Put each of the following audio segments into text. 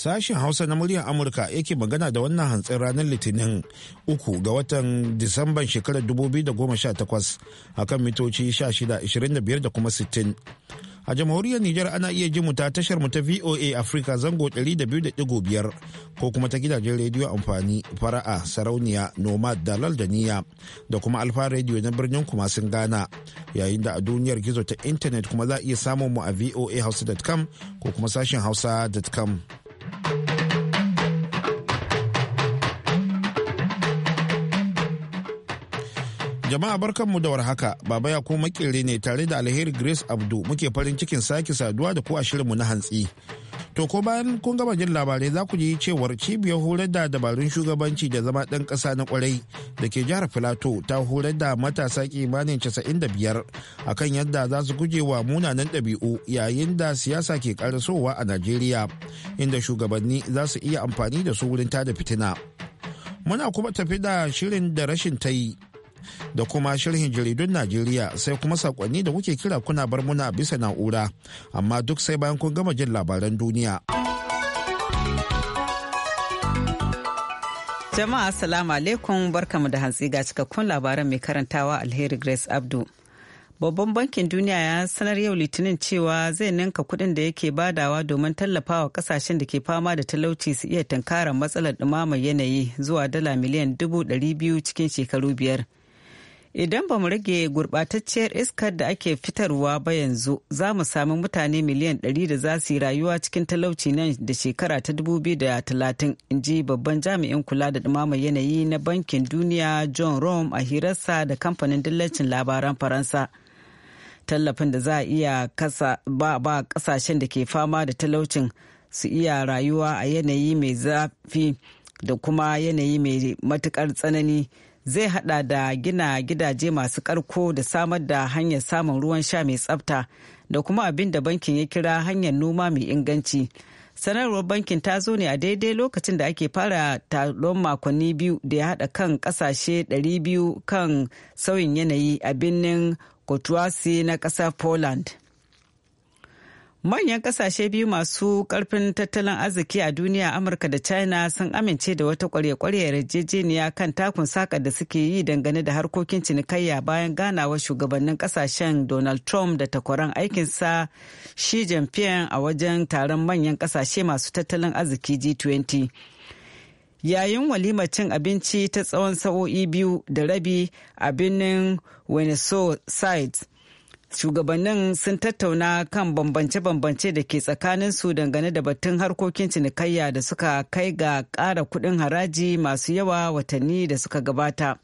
Sashen Hausa na muryar Amurka yake magana da wannan hantsin ranar Litinin uku ga watan Disamban shekarar 2018 kan mitoci 1625 da kuma 60. A jamhuriyar Nijar ana iya ji mu ta tashar mu ta VOA Africa zango 200.5 ko kuma ta gidajen rediyo amfani fara'a sarauniya nomad da laldaniya da kuma alfa rediyo na birnin kuma sun gana yayin da a duniyar gizo ta intanet kuma za a iya samun mu a VOA hausa.com ko kuma sashen hausa.com. Jama'a mu da warhaka, Baba Yakubu makere ne tare da Alheri Grace Abdu muke farin cikin sake saduwa da ku a shirinmu na hantsi. To ko bayan kun gama jin labarai za ku ji cewar cibiyar horar da dabarun shugabanci da zama ɗan ƙasa na kwarai da ke jihar Filato ta horar da matasa kimanin 95 kan yadda za su guje wa munanan ɗabi'u yayin da siyasa ke ƙarasowa a Najeriya inda shugabanni za su iya amfani da su wurin tada fitina. Muna kuma tafi da shirin da rashin ta yi da kuma sharhin jaridun Najeriya sai kuma sakonni da kuke kira kuna bar muna bisa na'ura amma duk sai bayan kun gama jin labaran duniya. Jama'a Assalamu alaikum barkamu da hantsi ga cikakkun labaran mai karantawa Alheri Grace Abdu. Babban bankin duniya ya sanar yau litinin cewa zai ninka kuɗin da yake badawa domin tallafawa kasashen da ke fama da talauci su iya tunkarar matsalar ɗumamar yanayi zuwa dala miliyan dubu ɗari biyu cikin shekaru biyar. Idan ba mu rage gurɓatacciyar iskar da ake fitarwa ba yanzu za mu sami mutane miliyan ɗari da za su yi rayuwa cikin talauci nan da shekara ta 2030 in ji babban jami'in kula da ɗumamar yanayi na bankin duniya John Rome a hirarsa da kamfanin dillacin labaran Faransa. Tallafin da za a iya ba ba kasashen da ke fama da talaucin su iya rayuwa a yanayi mai zafi da kuma yanayi mai matukar tsanani. zai hada da gina gidaje masu karko da samar da hanyar samun ruwan sha mai tsafta da kuma abin da bankin ya kira hanyar noma mai inganci sanarwar bankin ta zo ne a daidai lokacin da ake fara taron makonni biyu da ya hada kan kasashe 200 kan sauyin yanayi a birnin kotuwasi na kasar poland Manyan kasashe biyu masu karfin tattalin arziki a duniya Amurka da China sun amince da wata kwarya-kwarya yarjejeniya kan takun saka da suke yi dangane da harkokin cinikayya bayan ganawa shugabannin kasashen Donald Trump da takwaran aikinsa Xi Jinping a wajen taron manyan kasashe masu tattalin arziki G20. Yayin walimar cin abinci ta tsawon sa'o'i biyu da rabi a birnin Windsor Sides. shugabannin sun tattauna kan bambance-bambance da ke tsakanin su dangane da batun harkokin cinikayya da suka kai ga ƙara kuɗin haraji masu yawa watanni da suka gabata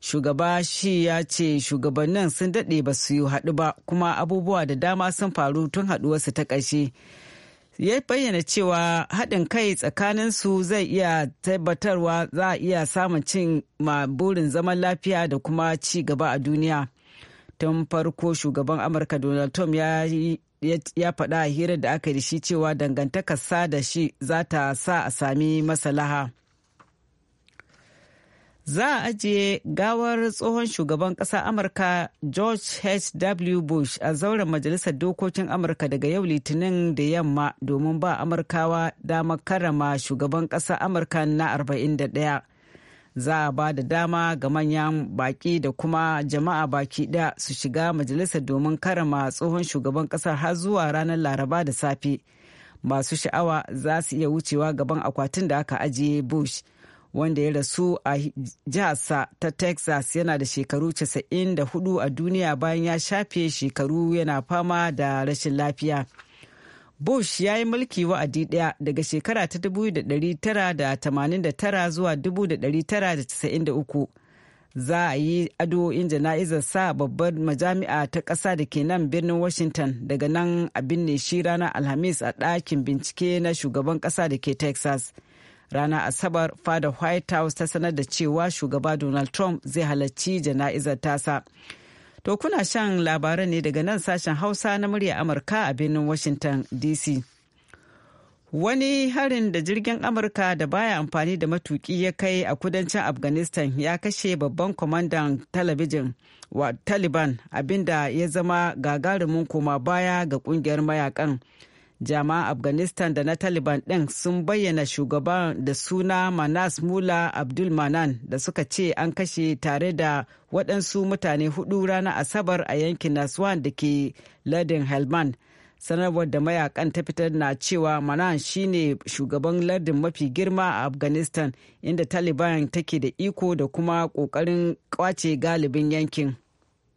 shugaba shi ya ce shugabannin sun daɗe ba su yi haɗu ba kuma abubuwa da dama sun faru tun haɗuwarsu ta ƙarshe ya bayyana cewa haɗin kai tsakanin su zai iya tabbatarwa za a iya samun cin ma burin zaman lafiya da kuma ci gaba a duniya tun farko shugaban amurka donald trump ya ya faɗa a hirar da aka yi da shi cewa dangantakarsa da shi za ta sa a sami masalaha. za a ajiye gawar tsohon shugaban ƙasa amurka george h w bush a zauren majalisar dokokin amurka daga yau litinin da yamma domin ba amurkawa damar karama shugaban ƙasa amurka na 41 za a ba da dama ga manyan baki da kuma jama'a baki ɗaya su shiga majalisar domin karama tsohon shugaban kasar har zuwa ranar laraba da safe masu sha'awa za su iya wucewa gaban akwatin da aka ajiye bush wanda ya rasu a jiharsa ta texas yana da shekaru 94 a duniya bayan ya shafe shekaru yana fama da rashin lafiya. Bush ya yi mulki wa'adi ɗaya daga shekara ta 1989 zuwa 1993. Za a yi addu'o'in jana'izar sa babbar majami'a ta ƙasa da ke nan birnin Washington daga nan a binne shi ranar Alhamis a ɗakin bincike na shugaban ƙasa da ke Texas. Ranar Asabar, fada White House ta sanar da cewa shugaba Donald Trump zai halarci jana'izar tasa. To kuna shan labaran ne daga nan sashen Hausa na murya Amurka a birnin Washington DC. Wani harin da jirgin Amurka da baya amfani da matuki ya kai a kudancin Afghanistan ya kashe babban kwamandan talabijin wa Taliban abinda ya zama gagarumin koma baya ga kungiyar mayakan. jama'a afghanistan da na taliban ɗin sun bayyana shugaban da suna manas mula abdul manan da suka ce an kashe tare da waɗansu mutane hudu ranar asabar a yankin naswan da ke ladin helmand sanarwar da mayakan ta fitar na cewa manan shine shugaban lardin mafi girma a afghanistan inda taliban take da iko da kuma ƙoƙarin kwace galibin yankin.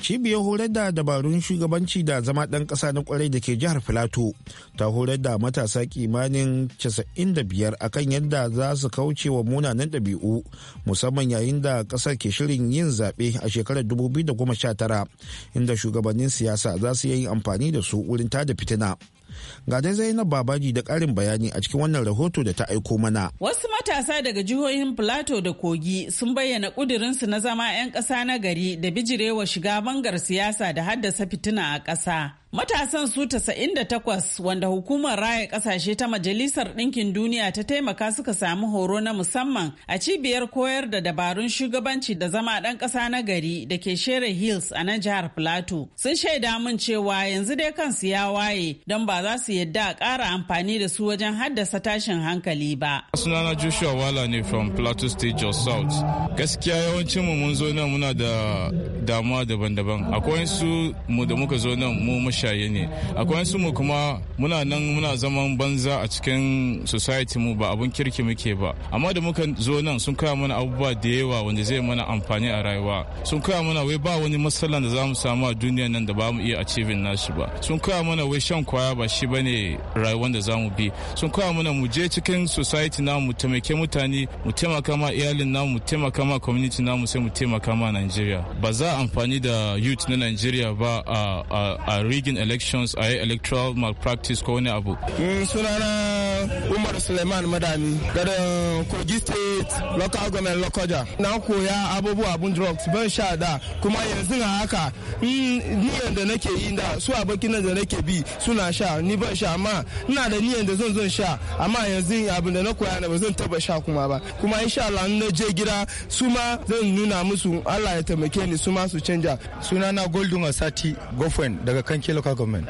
cibiyar horar da dabarun shugabanci da zama ɗan ƙasa na kwarai da ke jihar filato ta horar da matasa kimanin 95 akan yadda za su kauce wa munanan ɗabi'u musamman yayin da ƙasar ke shirin yin zaɓe a shekarar 2019 inda shugabannin siyasa za su yi amfani da su wurin tada fitina. Ga dai Zainab Babaji da karin bayani a cikin wannan rahoto da ta aiko mana. Wasu matasa daga jihohin Plateau da Kogi sun bayyana ƙudurinsu na zama 'yan ƙasa na gari da bijirewa shiga bangar siyasa da haddasa fitina a ƙasa. Matasan su 98 wanda hukumar raya kasashe ta Majalisar Ɗinkin Duniya ta taimaka suka samu horo na musamman a cibiyar koyar da dabarun shugabanci da zama ɗan ƙasa na gari da ke Shere Hills a na jihar Plateau. Sun shaida mun cewa yanzu dai kansu ya waye don ba za su yadda a ƙara amfani da su wajen haddasa tashin hankali ba. Sunana Joshua Wala ne from Plateau State of South. Gaskiya yawancin mu mun zo nan muna da damuwa daban-daban. Akwai su mu da muka zo nan mu shaye ne akwai su mu kuma muna nan muna zaman banza a cikin society mu ba abun kirki muke ba amma da muka zo nan sun kawo mana abubuwa da yawa wanda zai mana amfani a rayuwa sun kawo mana wai ba wani matsalan da zamu mu samu a duniya nan da ba mu iya achieving nashi ba sun kawo mana wai shan kwaya ba shi bane rayuwar da za bi sun kawo mana mu je cikin society na mu taimake mutane mu taimaka ma iyalin namu mu taimaka ma community namu sai mu taimaka ma Nigeria ba za amfani da youth na Najeriya ba a rige rigging elections a yi electoral malpractice ko wani abu. Mm, sunana umar suleiman madami gada kogi state local government lokoja na koya abubuwa abun drugs ban sha da kuma yanzu a haka mm, niyan da nake yi da su abokin da nake bi suna sha ni ban sha amma ina da niyan da zan zan sha amma yanzu abin da na koya na ba zan taba sha kuma ba kuma insha Allah na je gida su ma zan nuna musu Allah ya taimake ni su ma su canja sunana goldun asati gofen daga kankila local government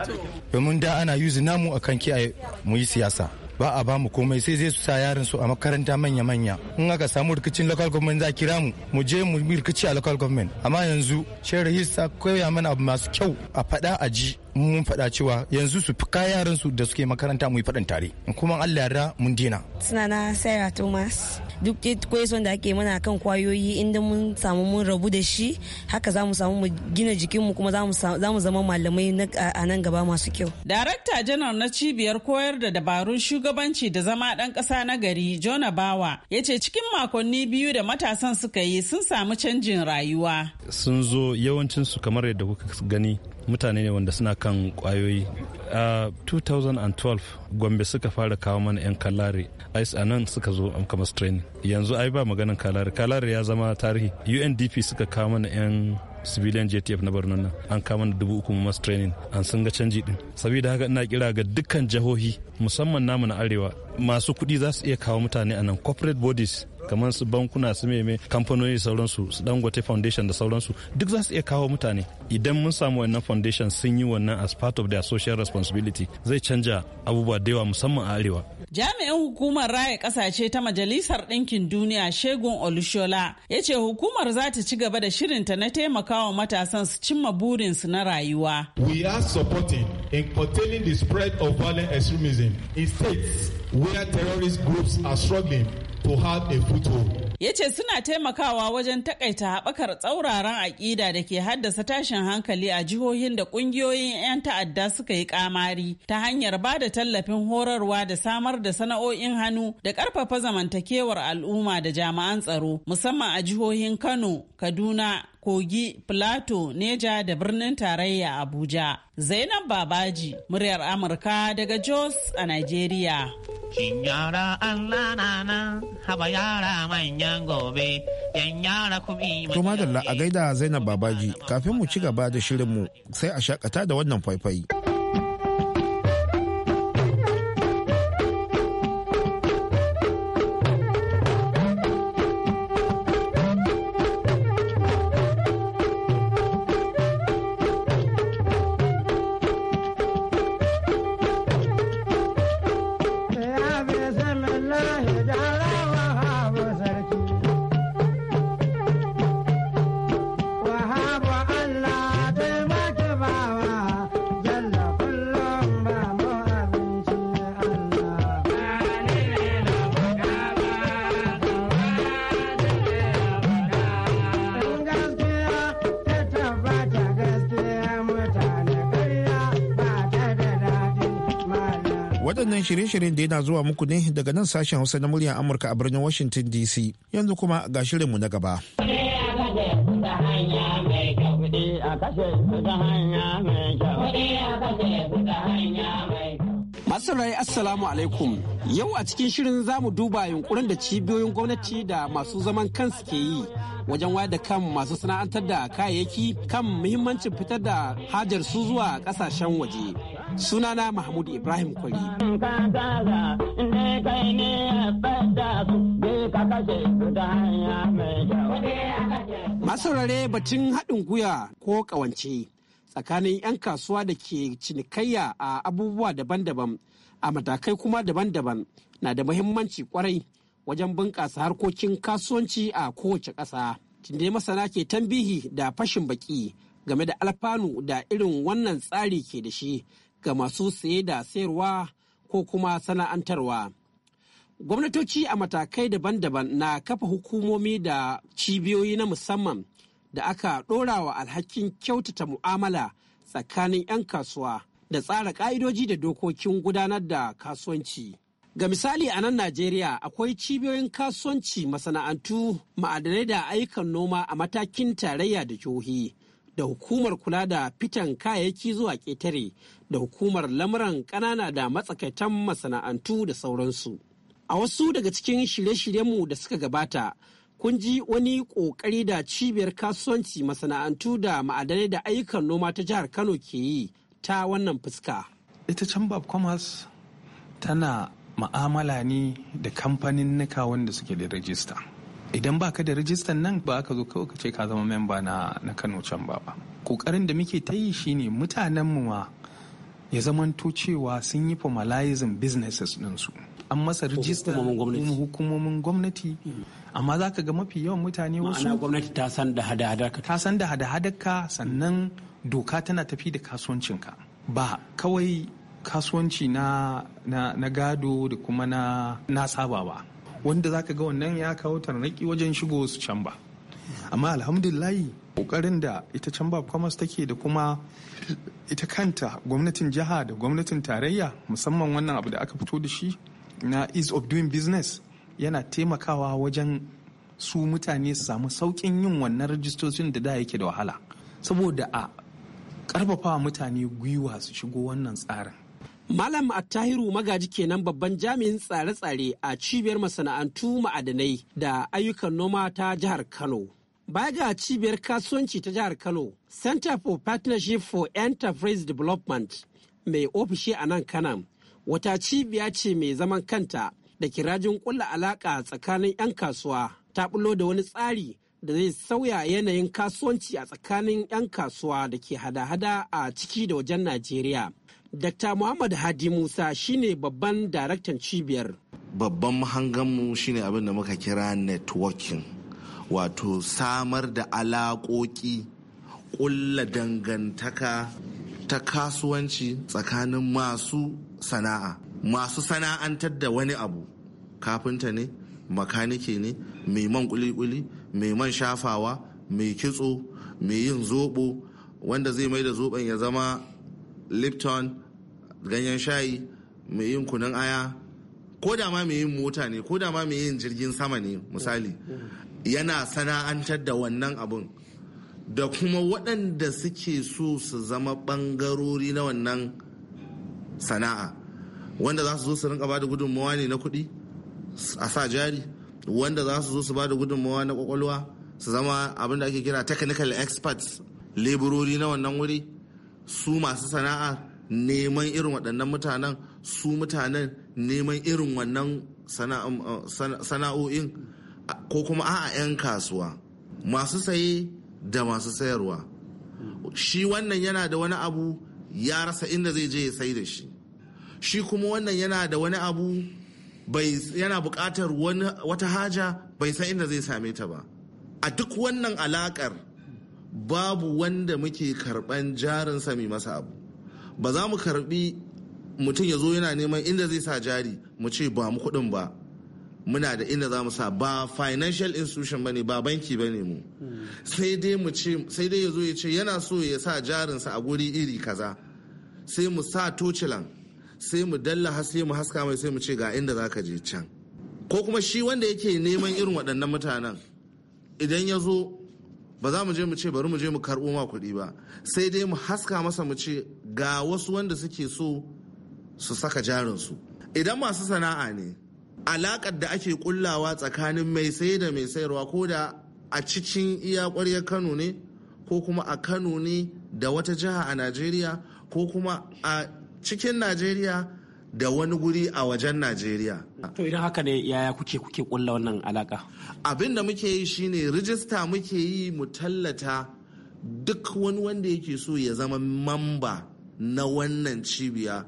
domin da ana yuzi namu a kan kiyaye mu yi siyasa ba a ba mu komai sai zai su sa yaran su a makaranta manya manya in aka samu rikicin local government za a kira mu mu je mu rikici a local government amma yanzu shehu rahis ta koya mana abu masu kyau a faɗa a ji mun faɗa cewa yanzu su fi yaran su da suke makaranta mu yi faɗin tare kuma Allah yarda mun dina sunana Sarah Thomas duk kwaison da ake mana kan kwayoyi inda mun samu mun rabu da shi haka za mu samu mu gina jikinmu kuma za mu zama malamai a nan gaba masu kyau darakta janar na cibiyar koyar da dabarun shugabanci da zama ɗan ƙasa na gari jona bawa ya ce cikin makonni biyu da matasan suka yi sun samu canjin rayuwa sun zo yawancinsu kamar yadda kuka gani mutane ne wanda suna kan kwayoyi a 2012 gombe suka fara kawo mana 'yan kalari ice a nan suka zo amka masu training yanzu ai ba maganin kalari kalari ya zama tarihi undp suka kawo mana 'yan civilian jtf na borno nan an kama da dubu uku masu training an sun ga canji din saboda haka ina kira ga dukkan jihohi musamman namu na arewa masu kuɗi za su iya kawo mutane a nan corporate bodies kamar su bankuna su meme kamfanoni sauransu su dangote foundation da sauransu duk za su iya kawo mutane idan mun samu wannan foundation sun yi wannan as part of their social responsibility zai canja abubuwa da yawa musamman a arewa Jami'in hukumar raya kasashe ta Majalisar Ɗinkin Duniya Shegun Olushola ya ce hukumar za ta ci gaba da shirinta na taimakawa matasan su cimma burinsu na rayuwa. We are supporting in containing the spread of violent extremism in states where terrorist groups are struggling to have a foothold. ya ce suna taimakawa wajen takaita haɓakar tsauraran aƙida da ke haddasa tashin hankali a jihohin da ƙungiyoyin 'yan ta'adda suka yi ƙamari ta hanyar ba da tallafin horarwa da samar da sana'o'in hannu da ƙarfafa zamantakewar al'umma da jami'an tsaro musamman a jihohin Kano, Kaduna, Kogi, Plato, Neja da birnin tarayya Abuja. Zainab Babaji, muryar Amurka daga Jos a Najeriya. Shin yara Allah na To madalla a gaida Zainab Babaji, kafin mu ci gaba da shirinmu sai a shakata da wannan faifai. shirye-shiryen da yana zuwa muku ne daga nan sashen Hausa na muryar Amurka a birnin Washington DC. Yanzu kuma ga shirinmu na gaba. a kashe ta hanya mai kyau. Masu rai Assalamu alaikum. Yau a cikin shirin za mu duba yunkurin da cibiyoyin gwamnati da masu zaman kansu ke yi wajen wayar da kan masu sana'antar da kayayyaki kan muhimmancin fitar da hajar su zuwa kasashen waje. Sunana Mahmud Ibrahim Kwari. Masaurare batun haɗin guya ko ƙawance. tsakanin 'yan kasuwa da ke cinikayya a abubuwa daban-daban a matakai kuma daban-daban na da muhimmanci kwarai wajen bunƙasa harkokin kasuwanci a kowace ƙasa. Tunde masana ke tambihi da fashin baki game da alfanu da irin wannan tsari ke da shi ga masu saye da sayarwa ko kuma sana'antarwa. Gwamnatoci a matakai daban-daban na kafa hukumomi da cibiyoyi na musamman da aka ɗora wa alhakin kyautata mu'amala tsakanin 'yan kasuwa da tsara ƙa'idoji da dokokin gudanar da kasuwanci. Ga misali a nan Najeriya akwai cibiyoyin kasuwanci masana'antu ma'adanai da ayyukan noma a matakin tarayya da jihohi da hukumar kula da fitan kayayyaki zuwa ƙetare da hukumar lamuran ƙanana da matsakaitan masana'antu da sauransu. A wasu daga cikin shirye-shiryenmu da suka gabata, kun ji wani ƙoƙari da cibiyar kasuwanci masana'antu da ma'adanai da ayyukan noma ta jihar Kano ke yi ta wannan fuska. Ita Chamber of Commerce tana ma'amala ne da kamfanin nika wanda suke da rajista. Idan ba ka da rajistan nan ba ka zo kawai ka ce ka zama memba na, na Kano Chamber ba. Kokarin da muke ta yi shi ne mutanenmu ma ya zamanto cewa sun yi formalizing businesses ɗinsu. an masa rijista hukumomin gwamnati hmm. amma za ka ga mafi yawan mutane wasu ma'ana gwamnati ta san da hada ka. ta san da hada ka sannan doka tana tafi da kasuwancinka ba kawai kasuwanci na, na, na gado da kuma na, na saba ba wanda za ka ga wannan ya kawo tarnaki wajen shigo su can ba amma alhamdulillahi kokarin da ita can ba commerce take da kuma ita kanta gwamnatin jiha da gwamnatin tarayya musamman wannan abu da aka fito da shi na ease of doing business yana taimakawa wajen su mutane su samu saukin yin wannan rajistocin da da yake da wahala saboda a karfafa mutane gwiwa su shigo wannan tsarin Malam Attahiru Magaji kenan babban jami'in tsare-tsare a cibiyar masana'antu ma'adanai da ayyukan noma ta jihar Kano. Baya ga cibiyar kasuwanci ta jihar Kano, Center for Partnership for Enterprise Development mai ofishi a nan Kanan, wata cibiya ce mai zaman kanta da kirajin kulla alaka tsakanin 'yan kasuwa ta bulo da wani tsari da zai sauya yanayin kasuwanci a tsakanin 'yan kasuwa da ke hada-hada a ciki da wajen Najeriya. Dr. Muhammad Hadi Musa shine babban daraktan cibiyar. Babban mahanganmu shine abin da muka kira networking, wato samar da alaƙoƙi, ƙulla dangantaka ta kasuwanci tsakanin masu sana'a. Masu sana'antar da wani abu, kafinta ne, makanike ne, mai man kuli-kuli, mai man shafawa mai kitso mai yin zobo wanda zai mai da zoben ya zama lipton ganyen shayi mai yin kunun aya ko da ma mai yin mota ne ko da ma mai yin jirgin sama ne misali yana sana'antar da wannan abun da kuma waɗanda suke so su zama ɓangarori na wannan sana'a wanda za su zo su rinka ba da gudunmawa ne na kuɗi a sa jari wanda za su zo su ba da gudunmawa na kwakwalwa su zama abin da ake kira technical experts leburori na wannan wuri su masu sana'a neman irin waɗannan mutanen su mutanen neman irin wannan sana'o'in ko kuma a'a 'yan kasuwa masu saye da masu sayarwa shi wannan yana da wani abu ya rasa inda zai je ya sai da shi shi kuma wannan yana da wani abu yana buƙatar wata haja bai san inda zai same ta ba a duk wannan alaƙar babu wanda muke karɓan jarin sami masa abu ba za mu karɓi mutum ya zo yana neman inda zai sa jari mu ce ba mu kuɗin ba muna da inda za mu sa ba financial institution ne ba banki ne mu sai dai mu ce sai dai ya zo ya ce yana so ya sa jarinsa a guri iri kaza sai mu sa tocilan sai mu dalla sai mu haska mai sai mu ce ga inda za ka je can ko kuma shi wanda yake neman irin waɗannan mutanen idan ya zo ba za mu je mu ce bari mu je mu karɓo ma kuɗi ba sai dai mu haska masa mu ce ga wasu wanda suke so su saka jarinsu idan masu sana'a ne alaƙar da ake kullawa tsakanin mai sayar da mai sayarwa ko da a cikin iya ƙwaryar kano ne ko kuma a kano ne da wata jiha a najeriya ko kuma a cikin najeriya da wani guri a wajen najeriya to idan haka ne yaya kuke kuke kulla wannan alaka abin da muke yi shine rijista muke yi mu tallata duk wani wanda yake so ya zama mamba na wannan cibiya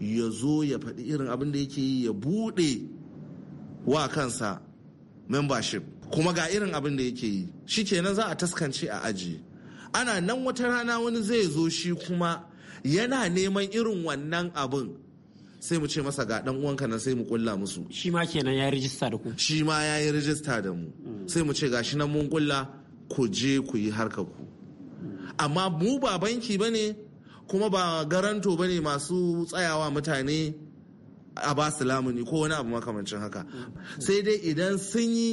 ya zo ya faɗi irin abin da yake yi ya buɗe wa kansa membership kuma ga irin abin da yake yi shi kenan za a taskance a aji ana nan wata rana wani zai zo shi kuma yana neman irin wannan abin sai mu ce masa ga dan uwanka nan sai mu kulla musu shi ma kenan ya rijista da ku shi ma ya yi rijista da mu mm. sai mu ce gashi nan mun kulla ku je ku yi harka ku amma mu ba banki bane kuma ba garanto bane masu tsayawa mutane a ba su lamuni ko wani abu makamancin haka mm. sai dai idan sun yi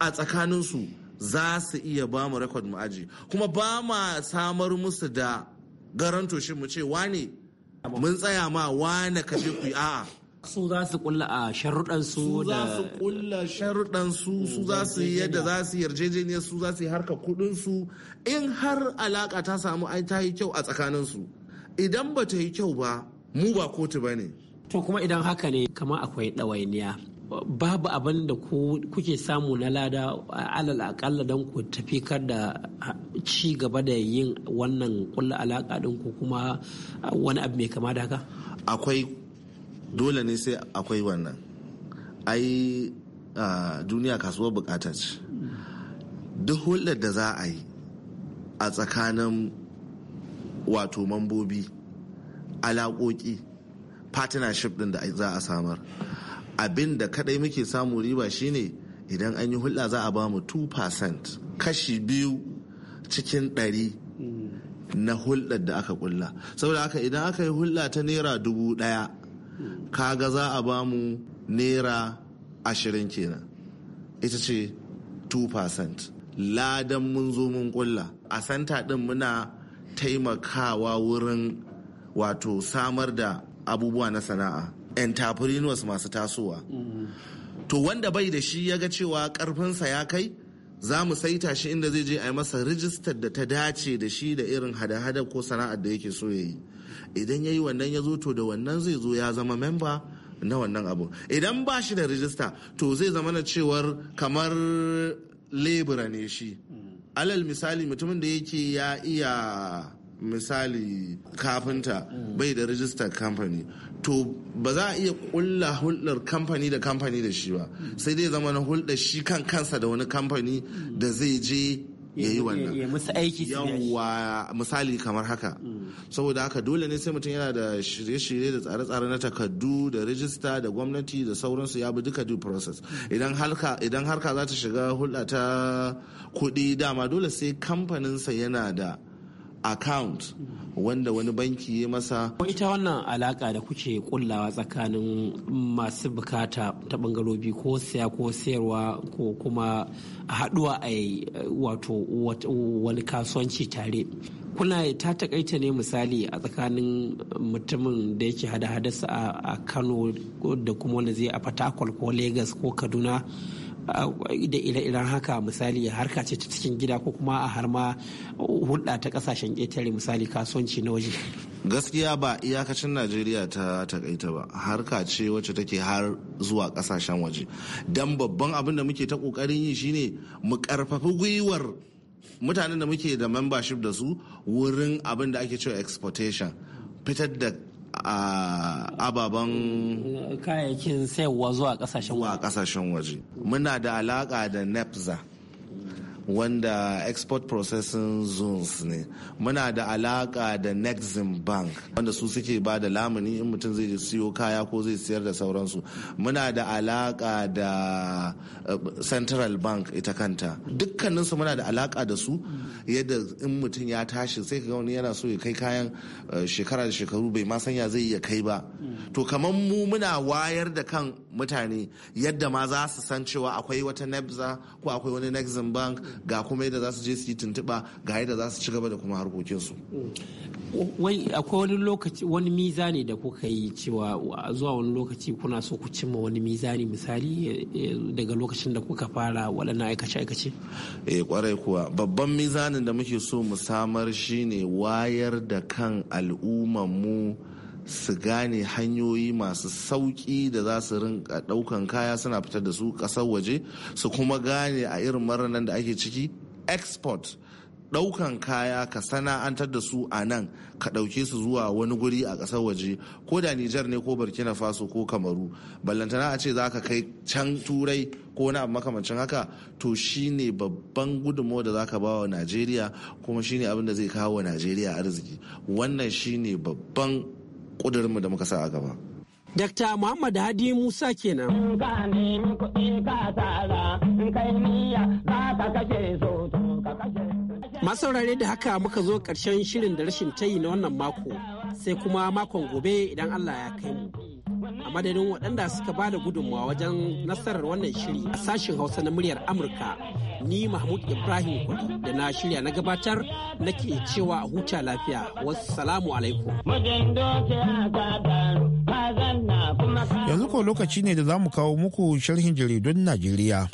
a tsakaninsu za su iya ba mu rekod mu aji kuma ba ma samar musu da garanto shi mu ce wane mun tsaya ma wane ka je ku a'a su za su kulla a sharuɗan su za su kulla sharuɗan su su za su yi yadda za su yarjejeniyar su za su yi harka kuɗin su in har alaka ta samu ai ta yi kyau a tsakanin su idan ba ta yi kyau ba mu ba kotu ba ne to kuma idan haka ne kamar akwai ɗawainiya babu abin da kuke samu na lada alal akalla don ku tafi da ci gaba da yin wannan kulla alaka din ko kuma wani abu mai kama da haka akwai dole ne sai akwai wannan ai duniya kasuwar bukata ce duk hulɗar da za a yi a tsakanin wato mambobi alaƙoƙi partnership din da za a samar abin da kadai muke samu riba shine idan an yi hulɗa za a ba mu 2% kashi biyu cikin ɗari na hulɗar da aka kulla saboda haka idan aka yi hulɗa ta naira dubu ɗaya kaga za a ba mu naira ashirin kenan ita ce 2% ladan mun zo mun kulla a santa ɗin muna taimakawa wurin wato samar da abubuwa na sana'a entrepreneurs masu tasowa to wanda bai da shi ya ga cewa karfinsa ya kai za mu saita shi inda zai je a yi masa rijistar da ta dace da shi da irin hada-hada ko sana'ar da yake so ya yi idan ya yi wannan ya zo to da wannan zai zo ya zama memba na wannan abu idan ba shi da rijista to zai zama na cewar kamar lebura ne shi alal misali mutumin da yake ya iya misali kafinta bai da rijistar kamfani to ba za a iya kulla hulɗar kamfani da kamfani da shi ba sai dai zama na hulɗar shi kan kansa da wani kamfani da zai je ya yi wannan yawwa misali kamar haka saboda haka dole ne sai mutum yana da shirye-shirye da tsare-tsare na takardu da rijista da gwamnati da sauransu ya bi duka due process idan harka idan za ta shiga hulɗa ta kuɗi dama dole sai kamfaninsa yana da account wanda wani banki ya masa. ita wannan alaka da kuke kullawa tsakanin masu bukata ta bangarobi ko saya ko sayarwa ko kuma haduwa a wato wani kasuwanci tare kuna ta takaita ne misali a tsakanin mutumin da yake hada hadasa a kano da kuma wanda zai a fatakwal ko lagos ko kaduna da ire-iren haka misali harka ce ta cikin gida ko kuma a harma hulɗa ta ƙasashen ƙetare misali kasuwanci na waje gaskiya ba iyakacin najeriya ta takaita ba harka ce wacce take har zuwa ƙasashen waje don babban abin da muke ta ƙoƙarin yi shine mu ƙarfafi gwiwar mutanen da muke da membership da su wurin abin da ake cewa exportation fitar da a ababen kayayyakin sayarwa zuwa kasashen waje muna da alaka da nepza wanda export processing zones ne muna da alaka da nexim bank wanda su suke ba da lamuni in mutum zai siyo kaya ko zai siyar da sauransu muna da alaka da eh, central bank ita kanta dukkaninsu muna da alaka da su yadda in mutum ya tashi sai ka wani yana so ya kai kayan eh, shekara da shekaru bai ma sanya zai iya kai ba to kamar mu muna wayar da kan mutane yadda ma za su san cewa akwai wata nebza ko akwai wani nexim bank ga kuma yadda za su je su yi tuntuɓa ga yadda za su ci gaba da kuma harkokinsu. wai akwai wani lokaci wani mizani da kuka yi cewa zuwa wani lokaci kuna so ku cimma wani mizani misali eh, daga lokacin da kuka fara waɗannan aikace-aikace? eh kwarai kuwa babban mizanin da muke so mu samar shine wayar da kan al'ummar mu su gane hanyoyi masu sauƙi da za su rinka ɗaukan kaya suna fitar da su ƙasar waje su kuma gane a irin maranan da ake ciki export ɗaukan kaya ka sana'antar da su a nan ka ɗauke su zuwa wani guri a ƙasar waje ko da Nijar ne ko Burkina Faso ko Kamaru ballantana a ce za ka kai can turai ko wani abu makamancin haka to shine babban gudunmawar da za ka ba wa Najeriya kuma shine abin da zai kawo wa Najeriya arziki wannan shine babban kudurinmu da muka sa a gaba. Dakta Muhammad Hadi Musa kenan. In ka nemi kuɗi ka da haka muka zo ƙarshen shirin da rashin tayi na wannan mako, sai kuma makon gobe idan Allah ya kai mu. a madadin waɗanda suka ba da gudunmawa wajen nasarar wannan shiri a sashen hausa na muryar amurka ni mahmud ibrahim kudi da na shirya na gabatar nake cewa a huta lafiya wasu salamu alaikum yanzu ko lokaci ne da za mu kawo muku sharhin jaridun najeriya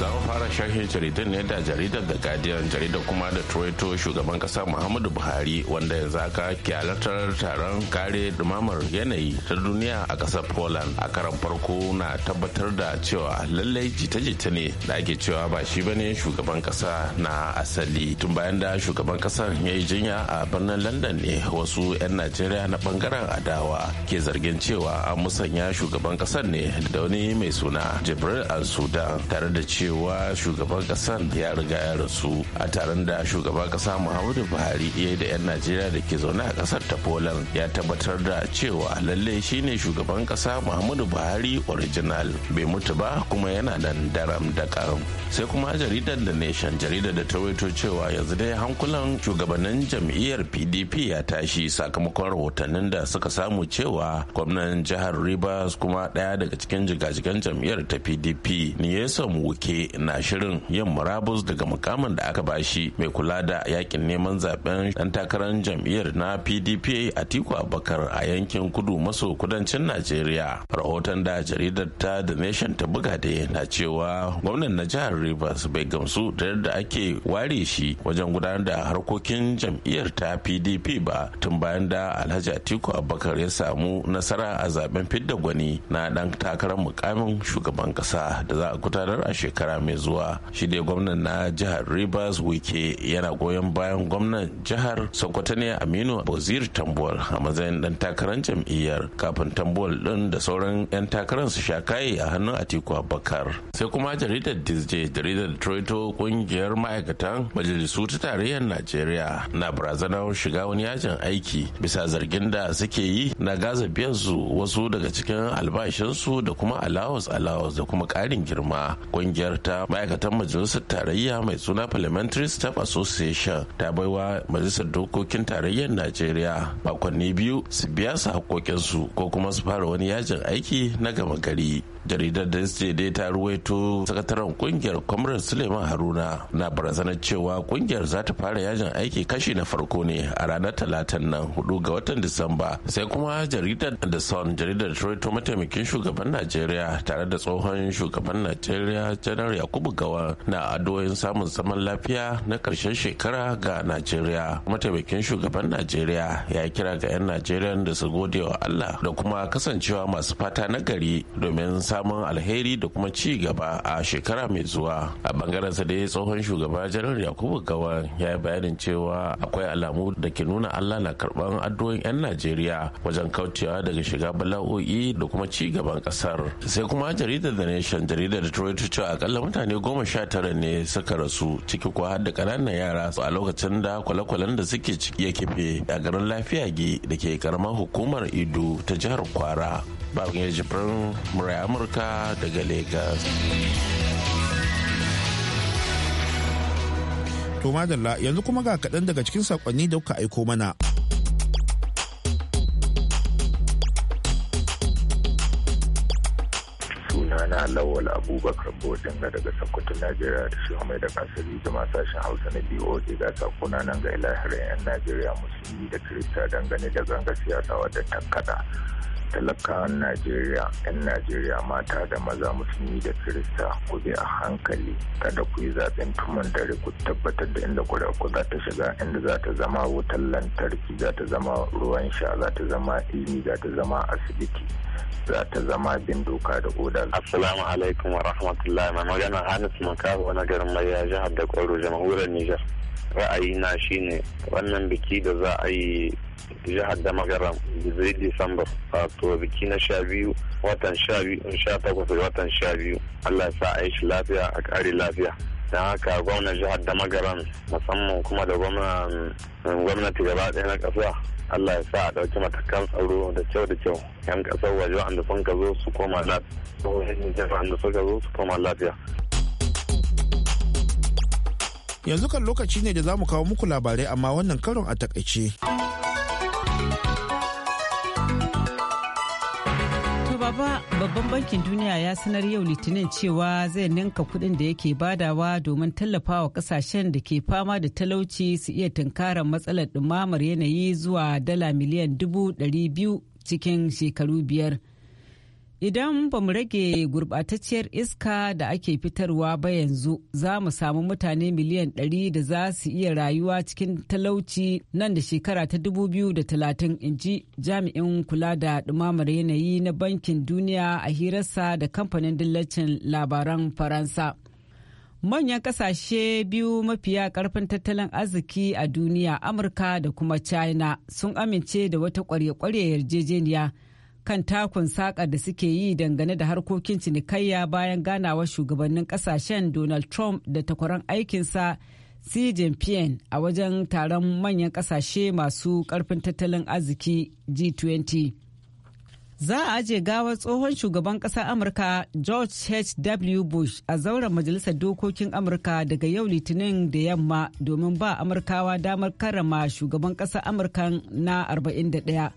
za mu fara shahin jaridar ne da jaridar da guardian jaridar kuma da troito shugaban kasa muhammadu buhari wanda yanzu aka ke halartar taron kare dumamar yanayi ta duniya a kasar poland a karan farko na tabbatar da cewa lallai jita-jita ne da ake cewa ba shi bane shugaban kasa na asali tun bayan da shugaban kasar ya yi jinya a birnin london ne wasu 'yan najeriya na bangaren adawa ke zargin cewa an musanya shugaban kasar ne da wani mai suna jibril al-sudan tare da cewa cewa shugaban kasar ya riga ya rasu a taron da shugaban kasa muhammadu buhari ya da 'yan najeriya da ke zaune a kasar ta poland ya tabbatar da cewa lalle shine shugaban kasa muhammadu buhari original bai mutu ba kuma yana nan daram da karam sai kuma jaridar da nation jaridar da ta waito cewa yanzu dai hankulan shugabannin jam'iyyar pdp ya tashi sakamakon rahotannin da suka samu cewa gwamnan jihar rivers kuma daya daga cikin jigajigan jam'iyyar ta pdp ne ya samu wuke na shirin yin murabus daga mukamin da aka bashi mai kula da yakin neman zaben dan takarar jam'iyyar na pdp a tiku Abakar a yankin kudu maso kudancin najeriya rahoton da jaridar ta the nation ta buga da na cewa gwamnan na jihar rivers bai gamsu da yadda ake ware shi wajen gudanar da harkokin jam'iyyar ta pdp ba tun bayan da alhaji atiku abakar ya samu nasara a zaben fidda gwani na dan takarar mukamin shugaban kasa da za a gudanar a shekara shekara mai zuwa shi dai gwamnan na jihar rivers wike yana goyon bayan gwamnan jihar sokoto ne aminu bozir tambuwal a matsayin dan takarar jam'iyyar kafin tambuwal din da sauran 'yan takarar su sha kayi a hannun atiku abubakar sai kuma jaridar disney jaridar troito kungiyar ma'aikatan majalisu ta tarayyar najeriya na barazanar shiga wani yajin aiki bisa zargin da suke yi na gaza biyan su wasu daga cikin albashinsu da kuma allowance allowance da kuma karin girma kungiyar ta ma'aikatan majalisar tarayya mai suna parliamentary staff association ta baiwa majalisar dokokin tarayyar najeriya makonni biyu su biya su haƙoƙinsu ko kuma su fara wani yajin aiki na gama gari jaridar da ce ta ruwaito sakataren kungiyar kwamrar suleiman haruna na barazanar cewa kungiyar za ta fara yajin aiki kashi na farko ne a ranar talatin nan hudu ga watan disamba sai kuma jaridar da son jaridar ruwaito mataimakin shugaban najeriya tare da tsohon shugaban najeriya janar yakubu gawa na adoyin samun zaman lafiya na karshen shekara ga najeriya mataimakin shugaban najeriya ya kira ga 'yan najeriya da su gode wa allah da kuma kasancewa masu fata na gari domin samun alheri da kuma ci gaba a shekara mai zuwa a bangaren sa dai tsohon shugaba janar yakubu gawa ya yi bayanin cewa akwai alamu da ke nuna allah na karban addu'o'in 'yan najeriya wajen kaucewa daga shiga bala'o'i da kuma ci gaban kasar sai kuma jaridar the nation jaridar da turai cewa akalla mutane goma sha tara ne suka rasu ciki kuwa har da kananan yara a lokacin da kwale-kwalen da suke ciki ya kife a garin lafiya ge da ke karamar hukumar ido ta jihar kwara ba ya jibrin murai amurka daga lagos to madalla yanzu kuma ga kaɗan daga cikin saƙonni da kuka aiko mana sunana lawal abubakar bodin na daga sokoto najeriya da shi mai da kasari da sashen hausa na boa ga sakuna nan ga ilahirin yan najeriya musulmi da kirista dangane da ganga siyasa wadda ta kada talakawan najeriya yan najeriya mata da maza musulmi da kirista ku bi a hankali kada ku yi zaɓen tuman dare ku tabbatar da inda ƙuri'a ku za ta shiga inda za ta zama wutar lantarki za ta zama ruwan sha za ta zama ilimi za ta zama asibiti za ta zama bin doka da oda. Assalamu alaikum wa rahmatullahi mai magana Hanis Makaho na garin Maiya jihar da Kwaro jamhuriyar Nijar. ra'ayina shine wannan biki da za a yi jihar da magaram zai disamba wato biki na sha biyu watan sha biyu sha takwas da watan sha biyu allah ya sa a yi shi lafiya a kare lafiya don haka gwamnan jihar da magaram musamman kuma da gwamnati gaba ɗaya na ƙasa allah ya sa a ɗauki matakan tsaro da kyau da kyau yan ƙasar waje wanda sun ka zo su koma lafiya yanzu kan lokaci ne da za mu kawo muku labarai amma wannan karon a takaice. baba babban bankin duniya ya sanar yau litinin cewa zai ninka kudin da yake badawa domin tallafawa kasashen da ke fama da talauci su iya tunkarar matsalar dumamar yanayi zuwa dala miliyan dubu biyu cikin shekaru biyar. Idan ba mu rage gurbatacciyar iska da ake fitarwa ba yanzu za mu samu mutane miliyan ɗari da za su iya rayuwa cikin talauci nan da shekara ta 2030 ji jami'in kula da ɗumamar yanayi na bankin duniya a hirarsa da kamfanin dillacin labaran faransa. Manyan kasashe biyu mafiya karfin tattalin arziki a duniya Amurka da kuma China sun amince da wata kwarya-kwarya yarjejeniya. kan takun saƙa da suke yi dangane da harkokin cinikayya bayan ganawar shugabannin ƙasashen Donald Trump da takwaran aikinsa Xi Jinping a wajen taron manyan ƙasashe masu ƙarfin tattalin arziki G20. Za a aje gawar tsohon shugaban ƙasar Amurka George H.W. Bush a zauren Majalisar Dokokin Amurka daga yau Litinin da yamma domin ba Amurkawa damar karrama shugaban ƙasar Amurka na 41.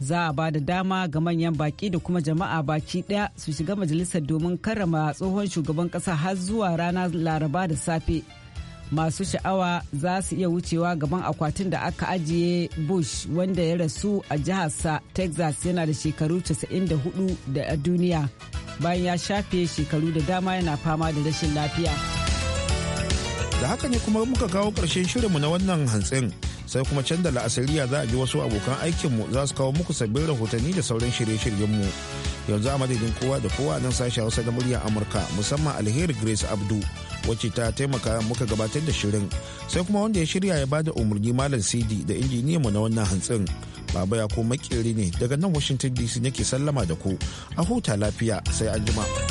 za a ba da dama ga manyan baki da kuma jama'a baki daya su shiga majalisar domin karrama tsohon shugaban kasa har zuwa rana laraba da safe masu sha'awa za su iya wucewa gaban akwatin da aka ajiye bush wanda ya rasu a jiharsa texas yana da shekaru 94 da duniya bayan ya shafe shekaru da dama yana fama da rashin lafiya. da haka ne kuma muka kawo ƙarshen shirinmu na wannan hantsin sai kuma can da la'asariya za a ji wasu abokan aikinmu za su kawo muku sabbin rahotanni da sauran shirye-shiryenmu yanzu a madadin kowa da kowa nan sashi hausa na muryar amurka musamman alheri grace abdu wacce ta taimaka muka gabatar da shirin sai kuma wanda ya shirya ya bada umarni malam cd da injiniyanmu na wannan hantsin baba ya ko makeri ne daga nan washington dc nake sallama da ku a huta lafiya sai anjima. jima.